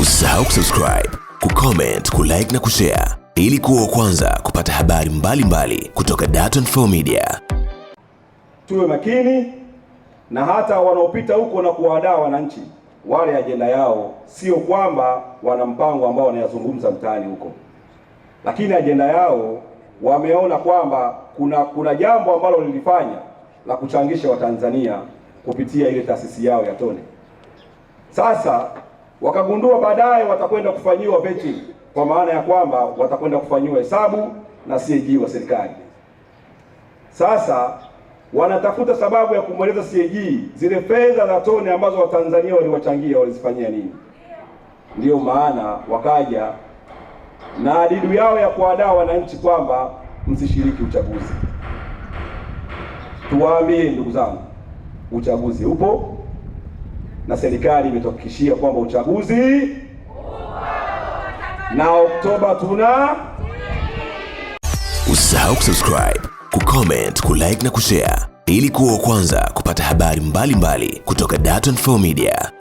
Usisahau kusubscribe, kucomment, kulike na kushare ili kuwa kwanza kupata habari mbalimbali mbali kutoka Dar24 Media. Tuwe makini na hata wanaopita huko na kuwadaa wananchi, wale ajenda yao sio kwamba wana mpango ambao wanayazungumza mtaani huko, lakini ajenda yao wameona kwamba kuna kuna jambo ambalo lilifanya la kuchangisha Watanzania kupitia ile taasisi yao ya Tone. Sasa Wakagundua baadaye watakwenda kufanyiwa vetting, kwa maana ya kwamba watakwenda kufanyiwa hesabu na CAG wa serikali. Sasa wanatafuta sababu ya kumweleza CAG zile fedha za toni ambazo Watanzania waliwachangia walizifanyia nini. Ndiyo maana wakaja na adidu yao ya kuwadaa wananchi kwamba msishiriki uchaguzi. Tuwaambie ndugu zangu, uchaguzi upo, na serikali imetuhakikishia kwamba uchaguzi na Oktoba tuna. Usisahau kusubscribe, kucomment, kulike na kushare ili kuwa wa kwanza kupata habari mbalimbali mbali kutoka Dar24 Media.